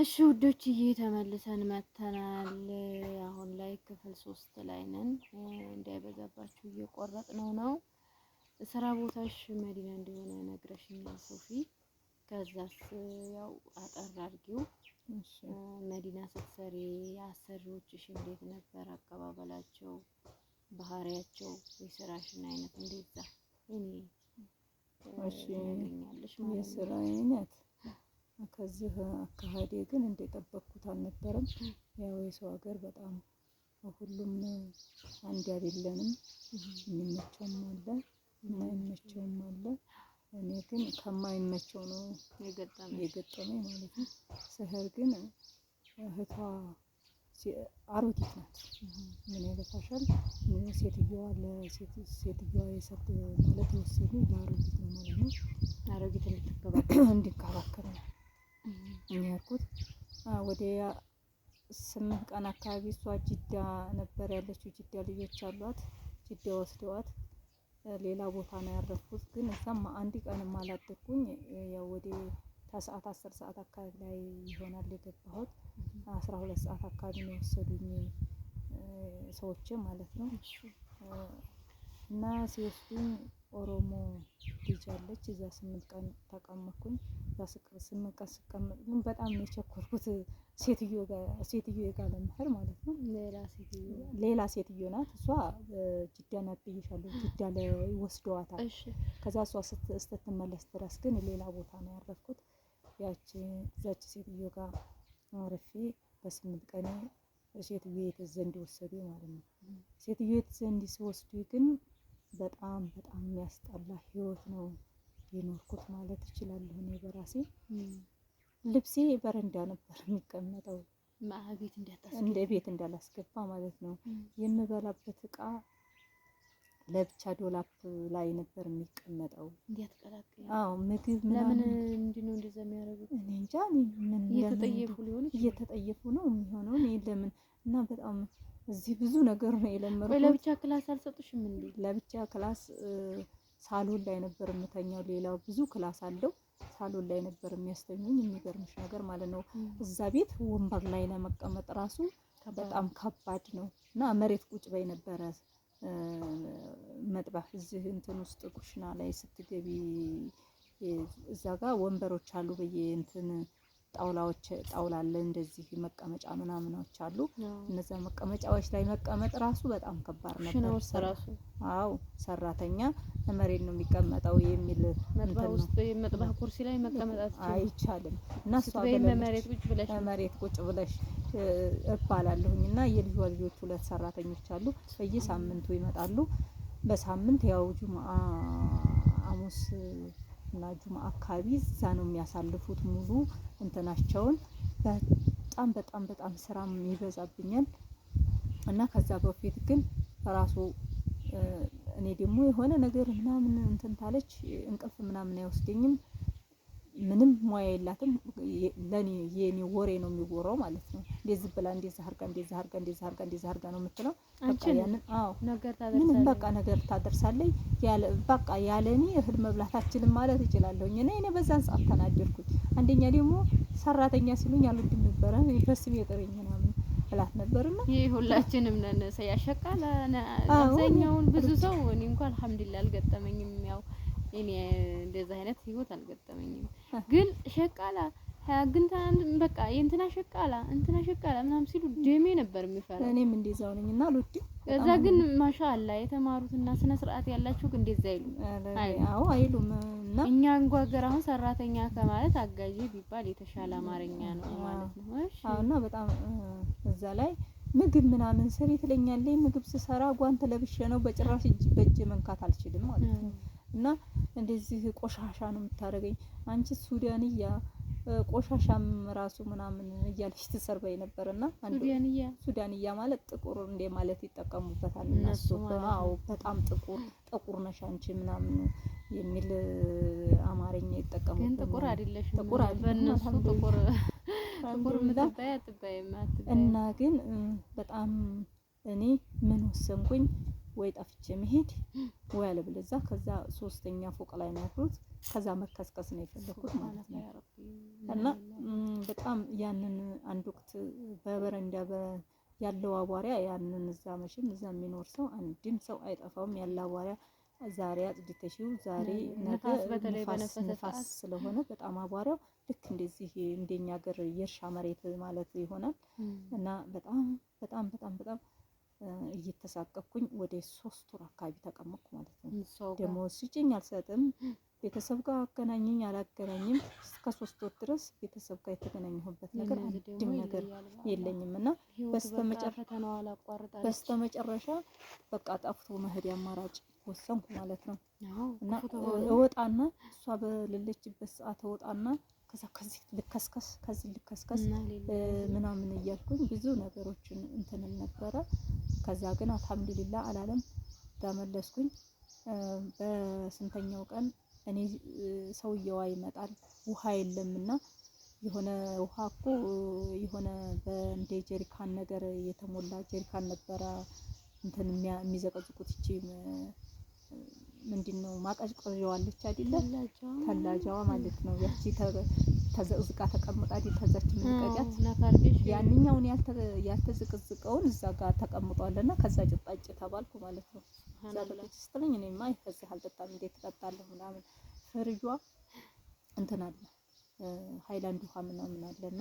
እሺ ውዶችዬ ተመልሰን መተናል። አሁን ላይ ክፍል ሶስት ላይ ነን። እንዳይበዛባችሁ እየቆረጥ ነው ነው ስራ ቦታሽ መዲና እንደሆነ ነግረሽኛል ሶፊ። ከዛስ ያው አጠር አድርጊው። መዲና ስትሰሪ አሰሪዎችሽ እንዴት ነበር አቀባበላቸው፣ ባህሪያቸው፣ የስራሽን አይነት እንደዛ እኔ ያገኛለሽ ማለት ነው የስራ አይነት ከዚህ አካሄዴ ግን እንደጠበቅኩት አልነበረም። ያው የሰው ሀገር በጣም ሁሉም አንድ አይደለንም። የሚመቸውም አለ የማይመቸውም አለ። እኔ ግን ከማይመቸው ነው የገጠመኝ ማለት ነው። ስህር ግን እህቷ አሮጊት ናት። ምን ያለፋሻል ሴትዮዋ ለሴትዮዋ የሰጥ ማለት የወሰዱ ለአሮጊት ነው ማለት ነው። አሮጊት እንድትከባከብ ነው የሚያርኩት ወደ ስምንት ቀን አካባቢ እሷ ጅዳ ነበር ያለችው። ጅዳ ልጆች አሏት። ጅዳ ወስደዋት ሌላ ቦታ ነው ያረፍኩት። ግን እዛም አንድ ቀንም አላደርኩኝ። ያው ወደ ከሰዓት አስር ሰዓት አካባቢ ላይ ይሆናል የገባሁት። አስራ ሁለት ሰዓት አካባቢ ነው የወሰዱኝ ሰዎች ማለት ነው እና ሲወስዱኝ ኦሮሞ ልጅ አለች። እዛ ስምንት ቀን ተቀመጥኩኝ። እዛ ስምንት ቀን ስቀመጥ ግን በጣም ነው የቸኮርኩት። ሴትዮ ጋር ለመሄድ ማለት ነው። ሌላ ሴትዮ ናት። እሷ ጅዳ ናት ብዬሻለሁ። ጅዳ ይወስደዋታል። ከዛ እሷ ስትመለስ ድረስ ግን ሌላ ቦታ ነው ያረፍኩት። ያቺ እዛች ሴትዮ ጋር አርፌ በስምንት ቀኔ ሴትዮ የት ዘንድ ወሰዱ ማለት ነው። ሴትዮ የት ዘንድ ሲወስዱ ግን በጣም በጣም የሚያስጠላ ህይወት ነው የኖርኩት ማለት እችላለሁ። እኔ በራሴ ልብሴ በረንዳ ነበር የሚቀመጠው እንደ ቤት እንዳላስገባ ማለት ነው። የምበላበት እቃ ለብቻ ዶላፕ ላይ ነበር የሚቀመጠው። አዎ ምግብ ምናምን እንዲነው እንደዛ የሚያደርጉት እኔ እንጃ ምን እየተጠየፉ ነው የሚሆነው እኔ ለምን እና በጣም እዚህ ብዙ ነገር ነው የለመድኩት። ለብቻ ክላስ አልሰጡሽም እንዴ? ለብቻ ክላስ ሳሎን ላይ ነበር የምተኛው። ሌላው ብዙ ክላስ አለው ሳሎን ላይ ነበር የሚያስተኙኝ። የሚገርምሽ ነገር ማለት ነው እዛ ቤት ወንበር ላይ ለመቀመጥ ራሱ በጣም ከባድ ነው እና መሬት ቁጭ በይ ነበረ መጥባት እዚህ እንትን ውስጥ ኩሽና ላይ ስትገቢ እዛ ጋር ወንበሮች አሉ በየ እንትን ጣውላዎች ጣውላ አለ እንደዚህ መቀመጫ ምናምኖች አሉ። እነዚ መቀመጫዎች ላይ መቀመጥ ራሱ በጣም ከባድ ነበር። አዎ ሰራተኛ መሬት ነው የሚቀመጠው የሚል መጥባህ ኩርሲ ላይ መቀመጣት አይቻልም። እና እሷ መሬት ቁጭ ብለሽ እባላለሁኝ እና የልጇ ልጆች ሁለት ሰራተኞች አሉ። በየሳምንቱ ይመጣሉ። በሳምንት ያው ጁምአ አሙስ እና ጁማ አካባቢ እዛ ነው የሚያሳልፉት ሙሉ እንትናቸውን። በጣም በጣም በጣም ስራም ይበዛብኛል እና ከዛ በፊት ግን ራሱ እኔ ደግሞ የሆነ ነገር ምናምን እንትን ታለች እንቅልፍ ምናምን አይወስደኝም። ምንም ሙያ የላትም። ለኔ የኔ ወሬ ነው የሚወራው ማለት ነው። እንደዚህ ብላ እንደዚህ አድርጋ እንደዚህ አድርጋ እንደዚህ አድርጋ እንደዚህ አድርጋ ነው የምትለው። ያንን አዎ ምንም በቃ ነገር ታደርሳለች። ያለ በቃ ያለ እኔ እህል መብላታችንን ማለት እችላለሁኝ። እና እኔ በዛን ሰዓት ተናደድኩኝ። አንደኛ ደግሞ ሰራተኛ ሲሉኝ አልወድም ነበረ በስም የጠረኝ ምናምን ብላት ነበርና ይህ ሁላችንም ነን። ሰያሸቃ አብዛኛውን ብዙ ሰው እኔ እንኳን አልሐምዱሊላህ አልገጠመኝም ያው እኔ እንደዛ አይነት ህይወት አልገጠመኝም። ግን ሸቃላ ግንታ በቃ የእንትና ሸቃላ እንትና ሸቃላ ምናምን ሲሉ ደሜ ነበር የሚፈራ። እኔም እንደዛው እና ሉቲ እዛ ግን ማሻአላ የተማሩትና ስነ ስርዓት ያላችሁ ግን እንደዛ አይሉም። አዎ አይሉም። እና እኛ እንኳ እንጓገር አሁን ሰራተኛ ከማለት አጋዥ ቢባል የተሻለ አማርኛ ነው ማለት ነው። እሺ እና በጣም እዛ ላይ ምግብ ምናምን ሰሪ ትለኛለች። ምግብ ስሰራ ጓንት ለብሼ ነው፣ በጭራሽ እጅ በእጅ መንካት አልችልም ማለት ነው። እና እንደዚህ ቆሻሻ ነው የምታደርገኝ አንቺ ሱዳንያ ቆሻሻም ራሱ ምናምን እያለች ትሰርበኝ ነበር። እና ሱዳንያ ማለት ጥቁር እንደ ማለት ይጠቀሙበታል እነሱ። አዎ በጣም ጥቁር ጥቁር ነሽ አንቺ ምናምን የሚል አማርኛ ይጠቀሙበት። እና ግን በጣም እኔ ምን ወሰንኩኝ ወይ ጠፍቼ መሄድ ወይ አለብለዛ ከዛ ሶስተኛ ፎቅ ላይ ነው ያሉት። ከዛ መከስከስ ነው የፈለኩት ማለት ነው። እና በጣም ያንን አንድ ወቅት በበረንዳ ያለው አቧሪያ ያንን እዛ መቼም እዛ የሚኖር ሰው አንድም ሰው አይጠፋውም። ያለ አቧሪያ ዛሬ አጽድተሽው ዛሬ ነገ ንፋስ ስለሆነ በጣም አቧሪያው ልክ እንደዚህ እንደኛ ሀገር የእርሻ መሬት ማለት ይሆናል እና በጣም በጣም በጣም በጣም እየተሳቀፍኩኝ ወደ ሶስት ወር አካባቢ ተቀመጥኩ ማለት ነው። ደግሞ ስጭኝ አልሰጥም፣ ቤተሰብ ጋር አገናኘኝ አላገናኝም፣ እስከ ሶስት ወር ድረስ ቤተሰብ ጋር የተገናኘሁበት ነገር አንድም ነገር የለኝም እና በስተ መጨረሻ በቃ ጠፍቶ መሄድ አማራጭ ወሰንኩ ማለት ነው እና እወጣና እሷ በሌለችበት ሰዓት እወጣና ከዛ ከዚህ ልከስከስ ከዚህ ልከስከስ ምናምን እያልኩኝ ብዙ ነገሮችን እንትንም ነበረ። ከዛ ግን አልሐምዱሊላ አላለም ዳመለስኩኝ። በስንተኛው ቀን እኔ ሰውየዋ ይመጣል ውሃ የለምና የሆነ ውሃ እኮ የሆነ በእንደ ጀሪካን ነገር የተሞላ ጀሪካን ነበረ እንትን የሚዘቀዝቁት እቺ ምንድነው ነው ማቀዝቀዣዋለች አይደለ? ተላጃዋ ማለት ነው። ያቺ ተዘቅዝቃ ተቀምጣ አይደል? ተዛች ምንቀጫት ያንኛውን ያልተዘቅዝቀውን እዛ ጋር ተቀምጧልና ከዛ ጭጣጭ ተባልኩ ማለት ነው። እዛ በላች ስትለኝ እኔማ ከዚህ አልጠጣም እንዴት እጠጣለሁ ምናምን ፍርጇ እንትን አለ ሀይላንድ ውሃ ምናምን አለና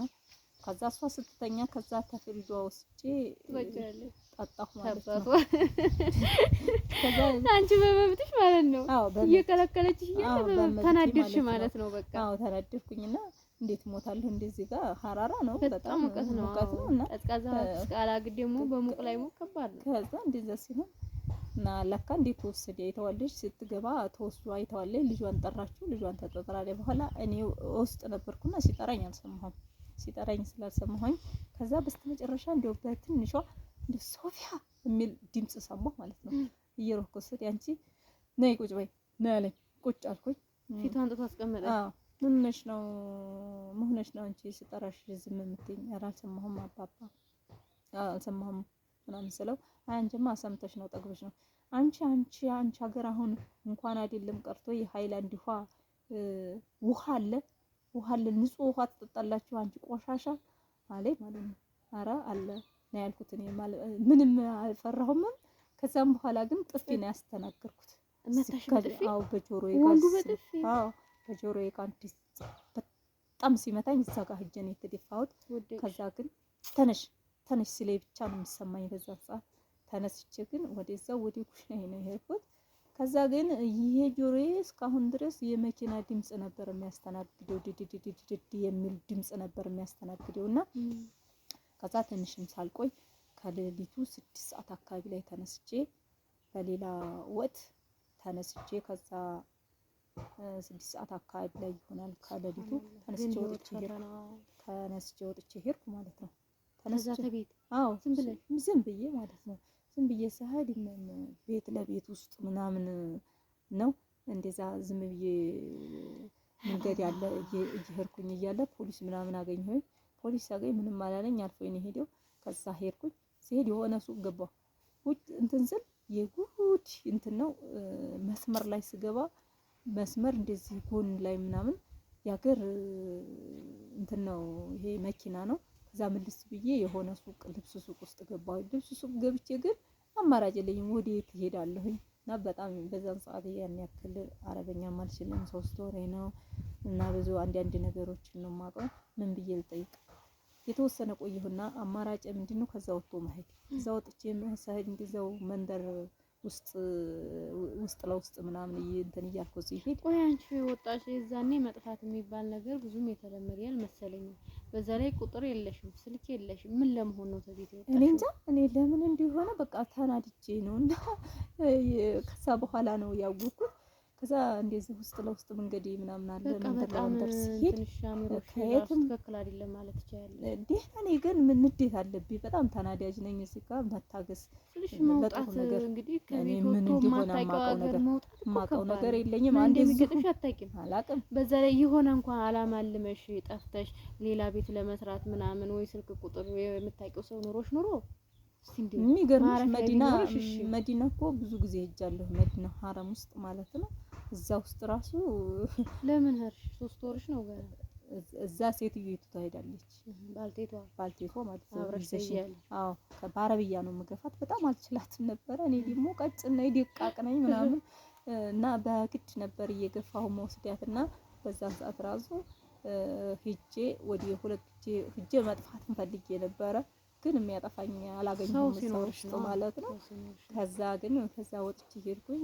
ከዛ እሷ ስትተኛ ከዛ ተፍሪጇ ወስጄ ጠጣሁ ማለት ነው። አንቺ በመብትሽ ማለት ነው እየከለከለችሽ እያለ ተናደድሽ ማለት ነው። በቃ አዎ ተናደድኩኝና እንዴት እሞታለሁ? እንደዚህ ጋር ሀራራ ነው፣ በጣም ሙቀት ነው እና ቀዝቃዛ ስቃላ ግድ ደግሞ በሙቅ ላይ ሙቅ ከባድ ነው። ከዛ እንደዚያ ሲሆን እና ለካ እንዴት ተወሰደ አይተዋለች። ስትገባ ተወስዶ አይተዋለች። ልጇን ጠራችው። ልጇን ተጠጥራ በኋላ እኔ ውስጥ ነበርኩና ሲጠራኝ አልሰማሁም። ሲጠራኝ ስላልሰማሁኝ ከዛ በስተመጨረሻ እንደው በትንሿ እንደ ሶፊያ የሚል ድምፅ ሰማሁ ማለት ነው። እየሮኮሰት ያንቺ ነይ ቁጭ በይ ነይ አለኝ። ቁጭ አልኩኝ። ፊቷን ጥቶ አስቀመጠ። ምን ሆነሽ ነው? ምን ሆነሽ ነው አንቺ ስጠራሽ ዝም የምትይኝ? ኧረ አልሰማሁም አባባ አልሰማሁም ምናምን ስለው አይ አንቺማ ሰምተሽ ነው ጠግበሽ ነው አንቺ አንቺ አንቺ ሀገር አሁን እንኳን አይደለም ቀርቶ የሃይላንድ ውሃ ውሃ አለ ውሃ አለ ንጹህ ውሃ ትጠጣላችሁ አንቺ ቆሻሻ አለ ማለት ነው። ኧረ አለ ነው ያልኩት እኔ ምንም አልፈራሁምም። ከዛም በኋላ ግን ጥፊ ነው ያስተናገርኩት። አዎ በጆሮዬ በጆሮዬ ቃንዲስ በጣም ሲመታኝ እዛ ጋር ሂጄ ነው የተደፋሁት። ከዛ ግን ተነሽ ተነሽ ሲለኝ ብቻ ነው የሚሰማኝ በዛ ሰዓት። ተነስቼ ግን ወደዛ ወደ ኩሽና ነው የሄድኩት። ከዛ ግን ይሄ ጆሮዬ እስካሁን ድረስ የመኪና ድምፅ ነበር የሚያስተናግደው፣ ድድድድድድ የሚል ድምፅ ነበር የሚያስተናግደው እና ከዛ ትንሽም ሳልቆይ ከሌሊቱ ስድስት ሰዓት አካባቢ ላይ ተነስቼ በሌላ ወጥ ተነስቼ ከዛ ስድስት ሰዓት አካባቢ ላይ ይሆናል ከሌሊቱ ተነስቼ ወጥቼ ሄድኩ ተነስቼ ወጥቼ ሄድኩ ማለት ነው። ተነስቼ አዎ ዝም ብዬ ማለት ነው። ዝም ብዬ ምን ቤት ለቤት ውስጥ ምናምን ነው እንደዛ ዝም ብዬ መንገድ ያለ እየሄድኩኝ እያለ ፖሊስ ምናምን አገኘሁኝ። ፖሊስ ሲያገኝ ምንም አላለኝ፣ አልፎ ነው ሄደው። ከዛ ሄድኩኝ። ሲሄድ የሆነ ሱቅ ገባሁ። ውጭ እንትን ስል የጉድ እንትን ነው መስመር ላይ ስገባ መስመር እንደዚህ ጎን ላይ ምናምን የሀገር እንትን ነው ይሄ መኪና ነው። ከዛ ምልስ ብዬ የሆነ ሱቅ ልብስ ሱቅ ውስጥ ገባሁ። ልብስ ሱቅ ገብቼ ግን አማራጭ የለኝም፣ ወዴት እሄዳለሁኝ? እና በጣም በዛን ሰዓት ያን ያክል አረበኛም አልችልም፣ ሶስት ወሬ ነው እና ብዙ አንዳንድ ነገሮችን ነው የማውቀው። ምን ብዬ ልጠይቅ? የተወሰነ ቆየሁና አማራጭ ምንድን ነው ከዛ ወጥቶ መሄድ። እዛ ወጥቼ መሄድ እንዲዘው መንደር ውስጥ ውስጥ ለውስጥ ምናምን እንትን እያልኩ ሲሄድ፣ ቆይ አንቺ ወጣሽ የዛኔ መጥፋት የሚባል ነገር ብዙም የተለመደ አልመሰለኝም። በዛ ላይ ቁጥር የለሽም፣ ስልክ የለሽም። ምን ለመሆን ነው ተቤት ወጣሽ? እኔ እንጃ። እኔ ለምን እንዲሆነ በቃ ተናድጄ ነው እና ከዛ በኋላ ነው ያወኩት። ከዛ እንደዚህ ውስጥ ለውስጥ መንገድ ምናምን አለ መንገድ ደርስ ሲሄድ ከየትም ትክክል አይደለም ማለት ይችላል። ደህና ነኝ ግን ምን ንዴት አለብኝ። በጣም ተናዳጅ ነኝ። እዚህ ጋር መታገስ ለጥሩ ነገር እኔ ምን እንዲሆን የማውቀው ነገር የማውቀው ነገር የለኝም። አንዴ ዝግጥሽ አታውቂም፣ አላውቅም። በዛ ላይ የሆነ እንኳን አላማ አልመሽ ጠፍተሽ ሌላ ቤት ለመስራት ምናምን ወይ ስልክ ቁጥር የምታውቂው ሰው ኑሮሽ ኑሮ የሚገርምሽ መዲና መዲና እኮ ብዙ ጊዜ ሄጃለሁ። መዲና ሀረም ውስጥ ማለት ነው። እዛ ውስጥ ራሱ ለምን ሄድሽ? ሶስት ወርሽ ነው ገና። እዛ ሴትዮ ትሄዳለች፣ ባልቴቷ ባልቴቷ ማለት ነው። አዎ በአረብያ ነው የምገፋት። በጣም አልችላትም ነበረ። እኔ ደግሞ ቀጭን ነኝ ደቃቅ ነኝ ምናምን እና በግድ ነበር እየገፋሁ መወስዳት እና በዛን ሰዓት ራሱ ሂጄ ወደ ሁለት ሂጄ መጥፋትን ፈልጌ ነበረ ግን የሚያጠፋኝ አላገኘሁም ሰው ውስጥ ማለት ነው። ከዛ ግን ከዛ ወጥቼ ሄድኩኝ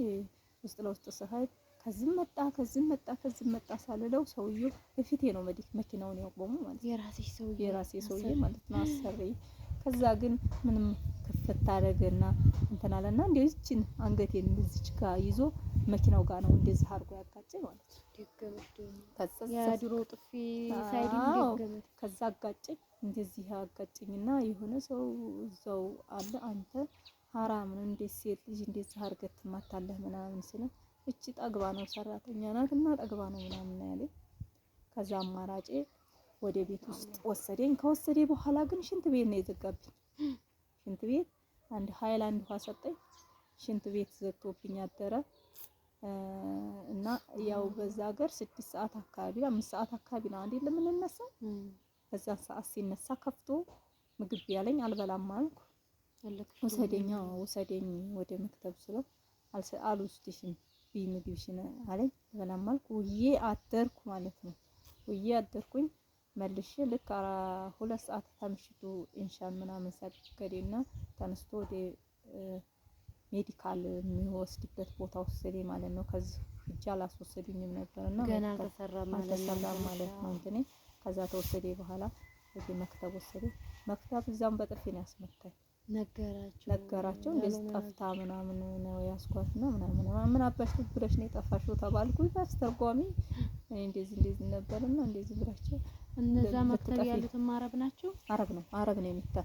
ውስጥ ለውስጥ ስሄድ ከዚህም መጣ ከዚህም መጣ ከዚህም መጣ ሳልለው ሰውዬው እፊቴ ነው መዲህ መኪናውን ያቆሙ ማለት ነው። የራሴ ሰውዬ ማለት ነው አሰሪ። ከዛ ግን ምንም ክፍት አደረገና እንትን አለና እንዲያው ይችን አንገቴን እዚች ጋር ይዞ መኪናው ጋር ነው እንደዚህ አድርጎ ያጋጨኝ ማለት ነው። የድሮ ጥፊ ከዛ አጋጨኝ፣ እንደዚህ አጋጨኝና የሆነ ሰው እዛው አለ አንተ ሀራም ነው እንዴት ሴት ልጅ እንደዚህ አድርገህ ትማታለህ? ምናምን ስለ እቺ ጠግባ ነው ሰራተኛ ናት እና ጠግባ ነው ምናምን ያለኝ። ከዛ አማራጬ ወደ ቤት ውስጥ ወሰደኝ። ከወሰደ በኋላ ግን ሽንት ቤት ነው የዘጋብኝ። ሽንት ቤት አንድ ሀይል አንድ ውሃ ሰጠኝ። ሽንት ቤት ዘግቶብኝ አደረ። እና ያው በዛ ሀገር ስድስት ሰዓት አካባቢ አምስት ሰዓት አካባቢ ነው አንዴ የምንነሳ። በዛ ሰዓት ሲነሳ ከፍቶ ምግብ ያለኝ አልበላም አልኩ። ውሰደኛ ውሰደኝ ወደ መክተብ ስለው አልወስድሽም ብይ ምግብሽን አለኝ። አልበላም አልኩ። ውዬ አደርኩ ማለት ነው። ውዬ አደርኩኝ። መልሽ ልክ ሁለት ሰዓት ተምሽቱ ኢንሻ ምናምን ሰገደና ተነስቶ ወደ ሜዲካል የሚወስድበት ቦታ ወሰደኝ ማለት ነው። ከዚህ እጅ አላስወሰዱኝም ነበር እና ገና አልተሰራም ማለት ነው እንትኔ ከዛ ተወሰደ በኋላ እዚህ መክተብ ወሰደ። መክተብ እዛም በጥፊ ነው ያስመታኝ። ነገራቸው ነገራቸው እንደዚህ ጠፍታ ምናምን ነው ያስኳት ነው ምናምን ምን አባሽ ብለሽ ነው የጠፋሽው ተባልኩ። አስተርጓሚ እንደዚህ እንደዚህ ነበርና እንደዚህ ብላቸው እነዛ መክተብ ያሉትም አረብ ናቸው። አረብ ነው አረብ ነው የሚታ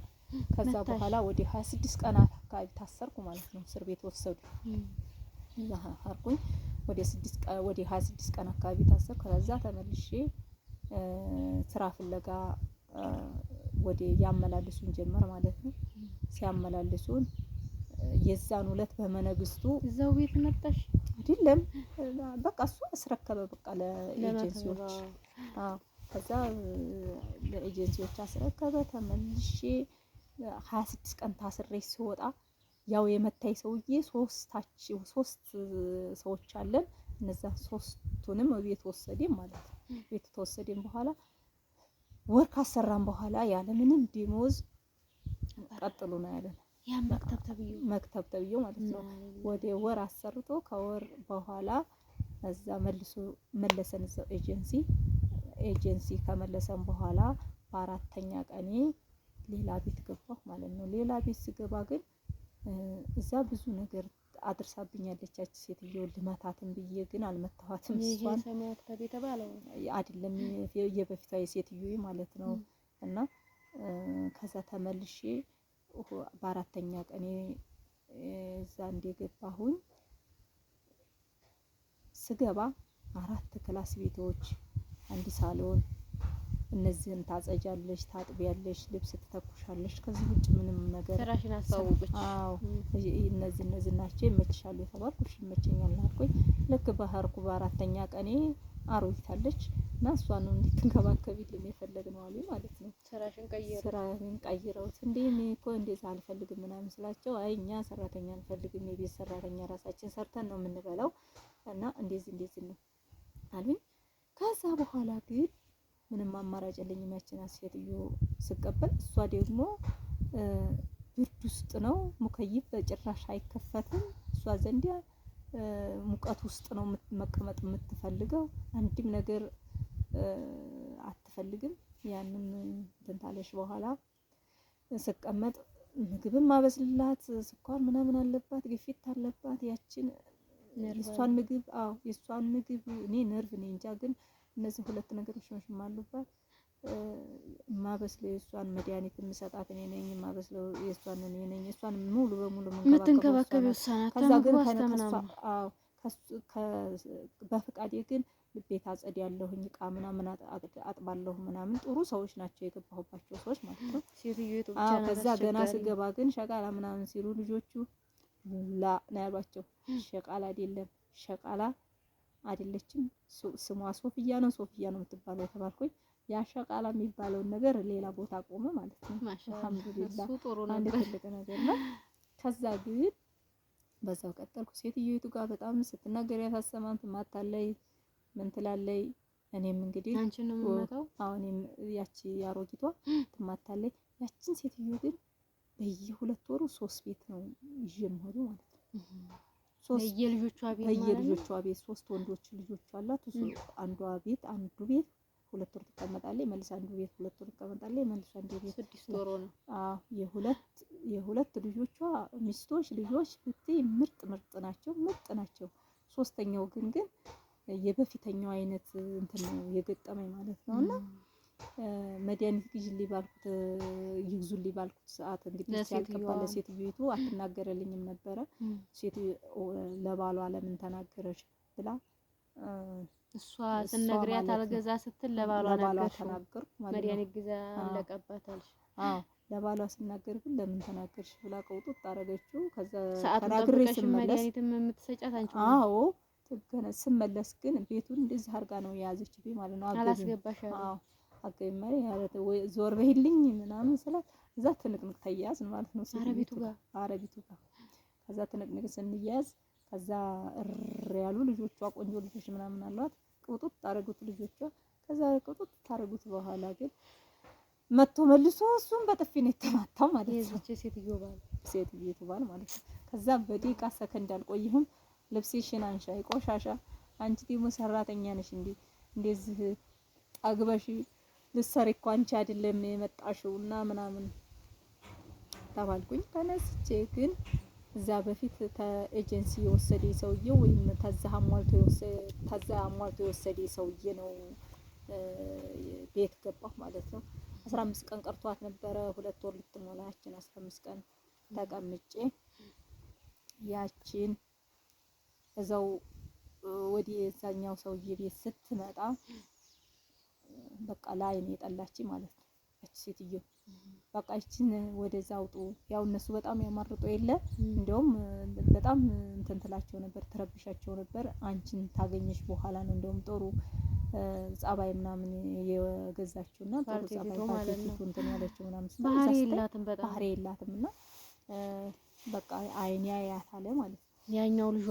ከዛ በኋላ ወደ ሀያ ስድስት ቀናት አካባቢ ታሰርኩ ማለት ነው። እስር ቤት ወሰዱ እዛ አርኩኝ ወደ ስድስት ቀን ወደ ሀያ ስድስት ቀን አካባቢ ታሰርኩ። ከዛ ተመልሼ ስራ ፍለጋ ወደ ያመላልሱን ጀመር ማለት ነው። ሲያመላልሱን የዛን ሁለት በመነግስቱ እዛው ቤት መጣሽ አይደለም? በቃ እሱ አስረከበ በቃ ለኤጀንሲዎች። አዎ ከዛ ለኤጀንሲዎች አስረከበ ተመልሼ ሀያ ስድስት ቀን ታስሬ ስወጣ ያው የመታይ ሰውዬ ሶስታች ሶስት ሰዎች አለን። እነዛ ሶስቱንም ቤት ወሰደን ማለት ነው። ቤት ተወሰደን በኋላ ወር ካሰራን በኋላ ያለ ምንም ደሞዝ ቀጥሉ ነው ያለን። ያን መክተብ ተብዬው መክተብ ተብዬው ማለት ነው። ወደ ወር አሰርቶ ከወር በኋላ እዛ መልሶ መለሰን። እዛው ኤጀንሲ ኤጀንሲ ከመለሰን በኋላ በአራተኛ ቀኔ ሌላ ቤት ገባሁ ማለት ነው። ሌላ ቤት ስገባ ግን እዛ ብዙ ነገር አድርሳብኛለች ያች ሴትዮ ልመታትን ብዬ ግን አልመታኋትም። እሷን አይደለም የበፊቷ የሴትዮ ማለት ነው። እና ከዛ ተመልሼ በአራተኛ ቀኔ እዛ እንደገባሁኝ ስገባ አራት ክላስ ቤቶች አንድ ሳሎን እነዚህን ታጸጃለሽ፣ ታጥቢያለሽ፣ ልብስ ትተኩሻለሽ። ከዚህ ውጭ ምንም ነገር ስራሽን አስተዋወቀች። አዎ እነዚህ እነዚህ ናቸው ይመችሻሉ የተባልኩሽ ይመቸኛል አልኩኝ። ልክ ባህርኩ በአራተኛ ቀኔ አሮይታለች እና እሷ ነው እንድትንከባከቢልኝ የፈለግነው አሉኝ ማለት ነው። ስራሽን ቀይረው ስራሽን ቀይረውት እንዴ እኔ እኮ እንደዛ አልፈልግም ምናምን ስላቸው አይ እኛ ሰራተኛ አልፈልግም የቤት ሰራተኛ ራሳችን ሰርተን ነው የምንበላው እና እንደዚህ እንደዚህ ነው አሉኝ። ከዛ በኋላ ግን ምንም አማራጭ የለኝም። ያችን ሴትዮ ስቀበል እሷ ደግሞ ብርድ ውስጥ ነው ሙከይፍ በጭራሽ አይከፈትም እሷ ዘንድ ሙቀት ውስጥ ነው መቀመጥ የምትፈልገው። አንድም ነገር አትፈልግም። ያንን ትንታለሽ በኋላ ስቀመጥ ምግብም ማበስልላት ስኳር ምናምን አለባት፣ ግፊት አለባት። ያችን የእሷን ምግብ አዎ የእሷን ምግብ እኔ ነርቭ ነኝ እንጃ ግን እነዚህ ሁለት ነገሮች መቼም አሉባት። ማበስለው የእሷን መድኃኒት የምሰጣት እኔ ነኝ። ማበስለው የእሷን እኔ ነኝ። እሷን ሙሉ በሙሉ የምንከባከበው ግን በፍቃዴ ግን ቤት አጸድ ያለሁኝ እቃ ምናምን አጥባለሁ ምናምን ጥሩ ሰዎች ናቸው የገባሁባቸው ሰዎች ማለት ነው። ከዛ ገና ስገባ ግን ሸቃላ ምናምን ሲሉ ልጆቹ ላ ነው ያሏቸው። ሸቃላ አይደለም ሸቃላ አይደለችም። ስሟ ሶፍያ ነው፣ ሶፍያ ነው የምትባለው የተባልኩኝ ያሸቃላ የሚባለውን ነገር ሌላ ቦታ ቆመ ማለት ነው። አልሐምዱሊላህ አንድ ትልቅ ነገር ነው። ከዛ ግን በዛው ቀጠልኩ። ሴትዮቱ ጋር በጣም ስትናገር ያሳሰማን ትማታለይ፣ ምን ትላለይ። እኔም እንግዲህ አንቺን ነው የምመታው። አሁን ያቺ ያሮጊቷ ትማታለይ። ያቺን ሴትዮ ግን በየሁለት ወሩ ሶስት ቤት ነው ይዤ የምሄደው ማለት ነው። በየልጆቿ ቤት ሶስት ወንዶች ልጆች አሏት። እሱ አንዷ ቤት አንዱ ቤት ሁለት ወር ትቀመጣለች፣ መልስ አንዱ ቤት ሁለት ወር ትቀመጣለች፣ መልስ አንዱ ቤት ስድስት ወር ነው። የሁለት የሁለት ልጆቿ ሚስቶች ልጆች ብትይ ምርጥ ምርጥ ናቸው፣ ምርጥ ናቸው። ሶስተኛው ግን ግን የበፊተኛው አይነት እንትን ነው የገጠመኝ ማለት ነው እና መድኃኒት ግዢልኝ ባልኩት ይግዙልኝ ባልኩት ሰዓት እንግዲህ ሲያልቅባ ለሴትዮቱ አትናገረልኝም ነበረ። ሴት ለባሏ ለምን ተናገረች ብላ እሷ ስነግሪያት አልገዛ ስትል ለባሏ ነገር ተናገርኩ። መድኃኒት ግዛ አለቀባታል። አዎ ለባሏ ስናገር ግን ለምን ተናገርሽ ብላ ቀውጡት አደረገችው። ከዛ ተናግሬ ስመለስ የምትሰጫት አንቺ። አዎ ስመለስ ግን ቤቱን እንደዚህ አድርጋ ነው የያዘችብኝ ማለት ነው። አዎ አቀኝ ማሪ ያለት ወይ ዞር በይልኝ ምናምን ስላት እዛ ትንቅንቅ ተያያዝን ማለት ነው። አረቢቱ ጋር አረቢቱ ጋር ከዛ ትንቅንቅ ስንያያዝ ከዛ እር ያሉ ልጆቿ ቆንጆ ልጆች ምናምን አሏት። ቅውጡት አረጉት ልጆቿ ከዛ ቅውጡት ታረጉት በኋላ ግን መጥቶ መልሶ እሱም በጥፊ ነው የተማታው ማለት ነው። ሴትዮ ባል ሴትዮ ባል ማለት ነው። ከዛ በደቂቃ ሰከንድ አልቆይሁም። ልብስሽን አንሻ ቆሻሻ፣ አንቺ ደግሞ ሰራተኛ ነሽ እንዴ እንደዚህ ጠግበሽ ልሰሪ እኮ አንቺ አይደለም የመጣሽው እና ምናምን ተባልኩኝ። ተነስቼ ግን እዛ በፊት ኤጀንሲ የወሰደ ሰውዬ ወይም ተዛ አሟልቶ የወሰደ ሰውዬ ነው ቤት ገባሁ ማለት ነው። አስራ አምስት ቀን ቀርቷት ነበረ። ሁለት ወር ልትሞላችን አስራ አምስት ቀን ተቀምጬ ያችን እዛው ወደ እዛኛው ሰውዬ ቤት ስትመጣ በቃ ላይ ነው የጠላች ማለት ነው። እች ሴትዮ በቃ እችን ወደዛ አውጡ። ያው እነሱ በጣም ያማርጡ የለ እንደውም በጣም እንትን ትላቸው ነበር፣ ትረብሻቸው ነበር። አንቺን ታገኘሽ በኋላ ነው እንደውም ጥሩ ጸባይ ምናምን የገዛችው እና ጥሩ ጸባይ ታገኘሽ እንትን ያለችው ምናምን ባህሪ የላትም በጣም ባህሪ የላትም እና በቃ አይን ያያታል ማለት ነው ያኛው ልጇ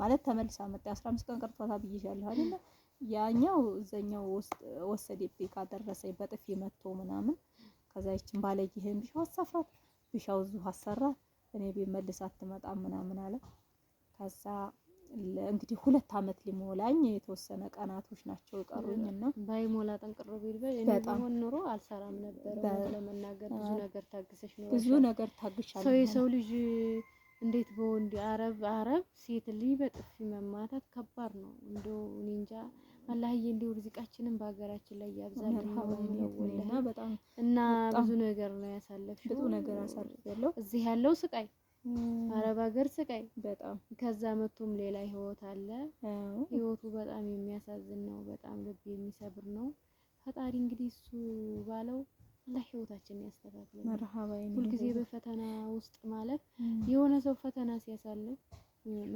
ማለት ተመልሳ መጣ። አስራ አምስት ቀን ቀርቷታ ብዬሻለሁ አይደለ ያኛው እዛኛው ወሰደብኝ ካደረሰኝ በጥፊ መቶ ምናምን ከዛ ይችን ባለጌ ይሄን ቢሻው አሳፍራት ቢሻው እዚሁ አሰራት እኔ ቤት መልስ አትመጣ ምናምን አለ። ከዛ እንግዲህ ሁለት አመት ሊሞላኝ የተወሰነ ቀናቶች ናቸው የቀሩኝ እና ባይሞላ ጠንቅሮ ቢልበል እኔ ቢሆን ኖሮ አልሰራም ነበር ለመናገር ብዙ ነገር ታግሰሽ ነው ብዙ ነገር ታግሻለሁ። ሰው የሰው ልጅ እንዴት በወንድ አረብ አረብ ሴት ልጅ በጥፊ መማታት ከባድ ነው እንደው እኔ እንጃ አላህዬ እንዲሁ ርዝቃችንን በሀገራችን ላይ ያብዛልን። በጣም እና ብዙ ነገር ነው ያሳለፍሽ። ብዙ ነገር አሳልፊያለሁ። እዚህ ያለው ስቃይ፣ አረብ ሀገር ስቃይ በጣም ከዛ መቶም ሌላ ህይወት አለ። ህይወቱ በጣም የሚያሳዝን ነው። በጣም ልብ የሚሰብር ነው። ፈጣሪ እንግዲህ እሱ ባለው አላህ ህይወታችንን ያስተካክላል። ሁልጊዜ በፈተና ውስጥ ማለፍ የሆነ ሰው ፈተና ሲያሳልፍ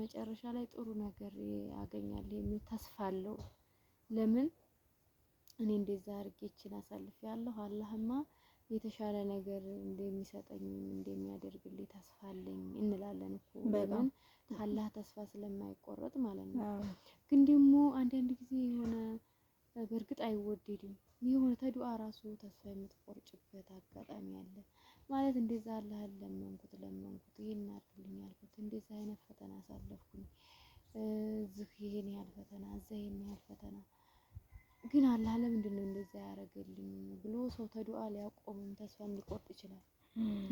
መጨረሻ ላይ ጥሩ ነገር ያገኛል የሚል ተስፋ አለው። ለምን እኔ እንደዛ አድርጌ ይችን አሳልፍ ያለሁ አላህማ የተሻለ ነገር እንደሚሰጠኝ እንደሚያደርግልኝ ተስፋ አለኝ እንላለን እኮ በጣም አላህ ተስፋ ስለማይቆረጥ ማለት ነው። ግን ደግሞ አንዳንድ ጊዜ የሆነ በእርግጥ አይወደድም የሆነ ተዱአ ራሱ ተስፋ የምትቆርጭበት አጋጣሚ አለ ማለት እንደዛ አላህን ለመንኩት ለመንኩት ይህን አድርግልኝ አልኩት እንደዛ አይነት ፈተና አሳለፍኩኝ እዚህ ይህን ያህል ፈተና እዛ ይህን ያህል ፈተና ግን አላህ ለምንድን ነው እንደዛ ያደረገልኝ ብሎ ሰው ተዱአ ሊያቆምም ተስፋ እንዲቆርጥ ይችላል።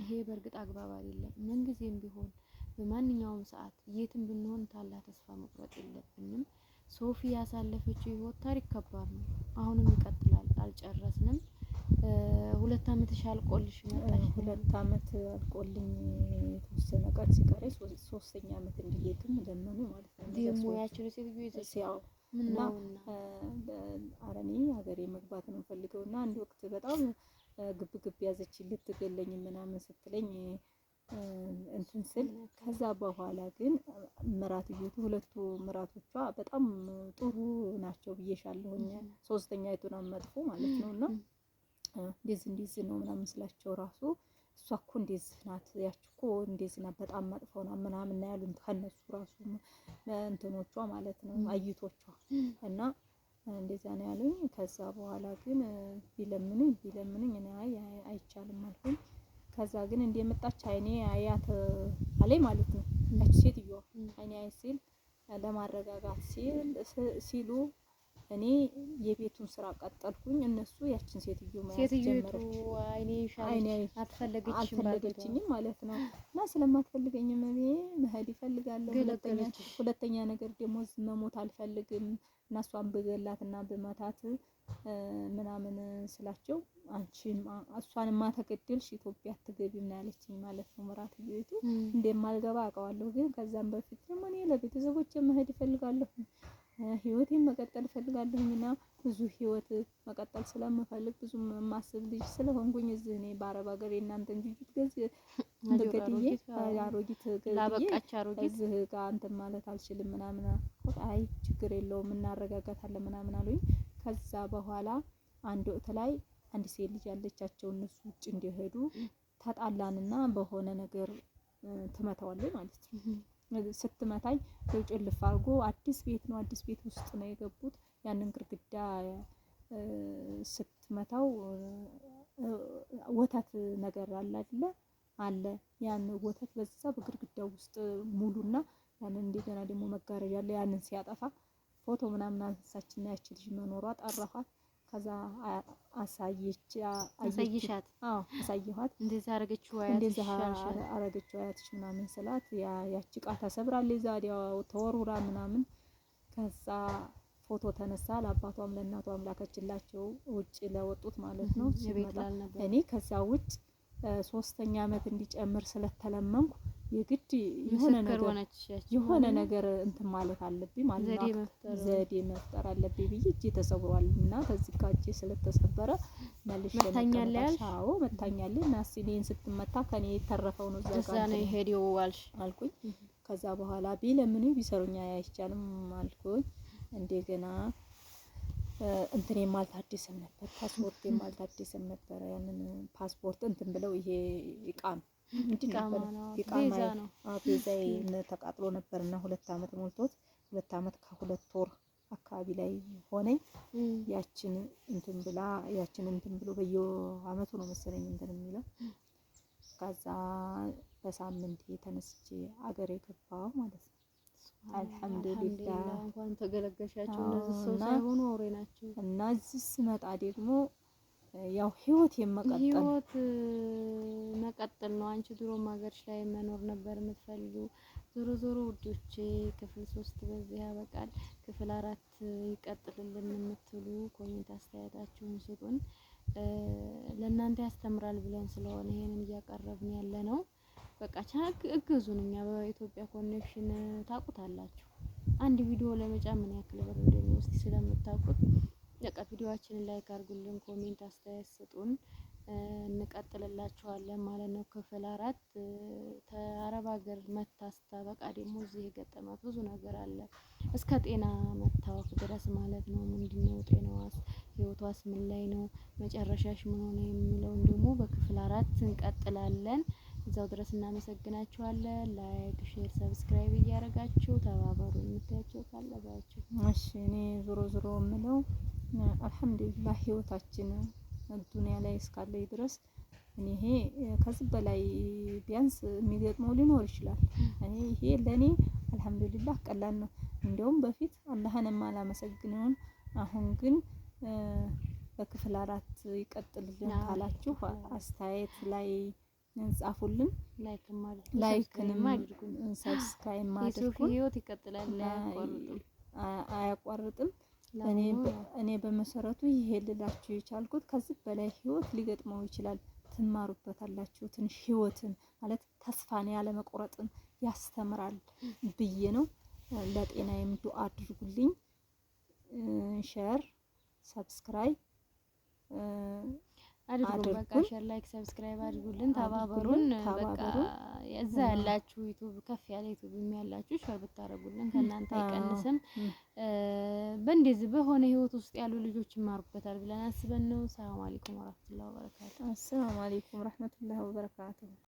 ይሄ በእርግጥ አግባብ አይደለም። ምንጊዜም ቢሆን በማንኛውም ሰዓት የትም ብንሆን ታላህ ተስፋ መቁረጥ የለብንም። ሶፊ ያሳለፈችው ህይወት ታሪክ ከባድ ነው። አሁንም ይቀጥላል፣ አልጨረስንም። ሁለት አመት ሻልቆልሽ መጣሽ። ሁለት አመት አልቆልኝ የተወሰነ ቀን ሲቀረኝ ሶስተኛ አመት እንዲሄድም ለመኑ ማለት ነው። ደግሞ ያችን ሴትዮ እና አረኔ ሀገሬ መግባት ነው ፈልገው እና አንድ ወቅት በጣም ግብ ግብ ያዘች ልትገለኝ ምናምን ስትለኝ እንትን ስል ከዛ በኋላ ግን ምራትየቱ ሁለቱ ምራቶቿ በጣም ጥሩ ናቸው ብዬሻለሁኝ። ሶስተኛ የቱን መጥፎ ማለት ነው እና እንዲዝ እንዲዝ ነው ምናምን ስላቸው ራሱ እሷ እኮ እንደዚህ ናት፣ ያች እኮ እንደዚህ ናት፣ በጣም መጥፎ ናት ምናምን እና ያሉን ከነሱ ራሱ እንትኖቿ ማለት ነው አይቶቿ እና እንደዚያ ነው ያሉኝ። ከዛ በኋላ ግን ቢለምኑኝ ቢለምኑኝ እኔ አይ አይቻልም አልኩኝ። ከዛ ግን እንደመጣች አይኔ አያት አለኝ ማለት ነው ያች ሴትዮዋ አይኔ አይ ሲል ለማረጋጋት ሲል ሲሉ እኔ የቤቱን ስራ ቀጠልኩኝ። እነሱ ያችን ሴትዮ መያዝ ጀመረች። አልፈለገችኝም ማለት ነው። እና ስለማትፈልገኝም እኔ መሄድ ይፈልጋለሁ። ሁለተኛ ነገር ደግሞ መሞት አልፈልግም እና እሷን ብገላት እና ብመታት ምናምን ስላቸው አንቺም እሷን ማተገደልሽ ኢትዮጵያ አትገቢም ነው ያለችኝ ማለት ነው። ምራት ቤቱ እንደማልገባ አውቀዋለሁ፣ ግን ከዛም በፊት ደግሞ እኔ ለቤተሰቦቼ መሄድ ይፈልጋለሁ ህይወቴን መቀጠል እፈልጋለሁኝና ብዙ ህይወት መቀጠል ስለምፈልግ ብዙ የማስብ ልጅ ስለሆንኩኝ እዚህ እኔ በአረብ ሀገር የእናንተን ጅጅት ገዝ ገድዬ አሮጊት ገድዬ እዚህ ጋር እንትን ማለት አልችልም ምናምን። አይ ችግር የለውም እናረጋጋታለን ምናምን አሉኝ። ከዛ በኋላ አንድ ወቅት ላይ አንድ ሴት ልጅ ያለቻቸው እነሱ ውጭ እንዲሄዱ ተጣላንና በሆነ ነገር ትመታዋለች ማለት ነው። ስትመታኝ ጭልፍ አድርጎ አዲስ ቤት ነው። አዲስ ቤት ውስጥ ነው የገቡት። ያንን ግርግዳ ስትመታው ወተት ነገር አለ አይደለ? አለ ያን ወተት በዛ በግርግዳው ውስጥ ሙሉና ያንን እንደገና ደግሞ መጋረጃ አለ። ያንን ሲያጠፋ ፎቶ ምናምን አንሳችና ያቺ ልጅ መኖሯ ጠራኋት። ከዛ አሳይሻት አዎ እንደዛ አያትሽ ምናምን ስላት ያቺ ተወርውራ ምናምን ከዛ ፎቶ ተነሳ ለአባቷም ለእናቷም ላከችላቸው ውጭ ለወጡት ማለት ነው እኔ ከዛ ውጭ ሶስተኛ አመት እንዲጨምር ስለተለመንኩ የግድ የሆነ ነገር የሆነ ነገር እንትን ማለት አለብኝ ማለት ነው። ዘዴ መፍጠር አለብኝ ብዬ እጄ ተሰብሯል እና ከዚህ ጋር እጄ ስለተሰበረ መልሽ መታኛለሽ? አዎ መታኛለሽ። እና እኔን ስትመታ ከኔ የተረፈው ነው እዛ ነው ሄዲው አልሽ አልኩኝ። ከዛ በኋላ ቢለምኑ ቢሰሩኛ አይቻልም አልኩኝ። እንደገና እንትን የማልታደስም ነበር ፓስፖርት የማልታደስም ነበር። ያንን ፓስፖርት እንትን ብለው ይሄ እቃ ነው ቤዛዬ ተቃጥሎ ነበር እና ሁለት አመት ሞልቶት ሁለት አመት ከሁለት ወር አካባቢ ላይ ሆነኝ። ያችን እንትን ብላ ያችን እንትን ብሎ በየአመቱ ነው መሰለኝ እንትን የሚለው ከዛ በሳምንት ተነስቼ አገር የገባው ማለት ነው። አልሐምዱሊላህ እንኳን ተገለገሻቸው። እነዚህ ሰው ሳይሆኑ አውሬ ናቸው እና እዚህ ስመጣ ደግሞ ያው ህይወት የመቀጠል ህይወት መቀጠል ነው። አንቺ ድሮም ሀገርሽ ላይ መኖር ነበር የምትፈልጊው። ዞሮ ዞሮ ውዶቼ ክፍል ሶስት በዚህ ያበቃል። ክፍል አራት ይቀጥልልን የምትሉ ኮሜንት አስተያየታችሁን ስጡን። ለእናንተ ያስተምራል ብለን ስለሆነ ይሄንን እያቀረብን ያለ ነው። በቃ ቻክ እግዙን። እኛ በኢትዮጵያ ኮኔክሽን ታቁታላችሁ። አንድ ቪዲዮ ለመጫን ምን ያክል ብር እንደሚወስድ ስለምታውቁት በቃ ቪዲዮአችንን ላይክ አድርጉልን፣ ኮሜንት አስተያየት ስጡን። እንቀጥልላችኋለን ማለት ነው። ክፍል አራት ከአረብ ሀገር መታስታ በቃ ደግሞ እዚህ የገጠማት ብዙ ነገር አለ እስከ ጤና መታወክ ድረስ ማለት ነው። ምንድን ነው ጤናዋስ፣ ህይወቷስ ምን ላይ ነው፣ መጨረሻሽ ምን ሆነ የሚለውን ደግሞ በክፍል አራት እንቀጥላለን። እዛው ድረስ እናመሰግናችኋለን። ላይክ፣ ሼር፣ ሰብስክራይብ እያደረጋችሁ ተባበሩ። የምታያቸው ካለባቸው እሺ። እኔ ዞሮ ዞሮ የምለው አልሐምዱሊላህ ህይወታችን ዱንያ ላይ እስካለ ድረስ እኔ ይሄ ከዚህ በላይ ቢያንስ የሚገጥመው ሊኖር ይችላል። እኔ ይሄ ለኔ አልሐምዱሊላህ ቀላል ነው። እንደውም በፊት አላህንም አላመሰግነውም። አሁን ግን በክፍል አራት ይቀጥልልን ካላችሁ አስተያየት ላይ ጻፉልን። ላይክንም ሰብስክራይብ ማድረግ ህይወት ይቀጥላል፣ አያቋርጥም። እኔ በመሰረቱ ይሄ ልላችሁ የቻልኩት ከዚህ በላይ ህይወት ሊገጥመው ይችላል። ትማሩበታላችሁ። ትንሽ ህይወትን ማለት ተስፋን ያለመቁረጥን ያስተምራል ብዬ ነው። ለጤናዬም ዱአ አድርጉልኝ። ሸር ሰብስክራይብ አድርጉ። በቃ ሼር፣ ላይክ፣ ሰብስክራይብ አድርጉልን፣ ተባበሩን። በቃ እዛ ያላችሁ ዩቱብ ከፍ ያለ ዩቱብ የሚያላችሁ ሼር ብታረጉልን ከእናንተ አይቀንስም። በእንደዚህ በሆነ ህይወት ውስጥ ያሉ ልጆች ይማሩበታል ብለን አስበን ነው። ሰላም አለይኩም ወራህመቱላሂ ወበረካቱ። ሰላም አለይኩም ወራህመቱላሂ ወበረካቱ።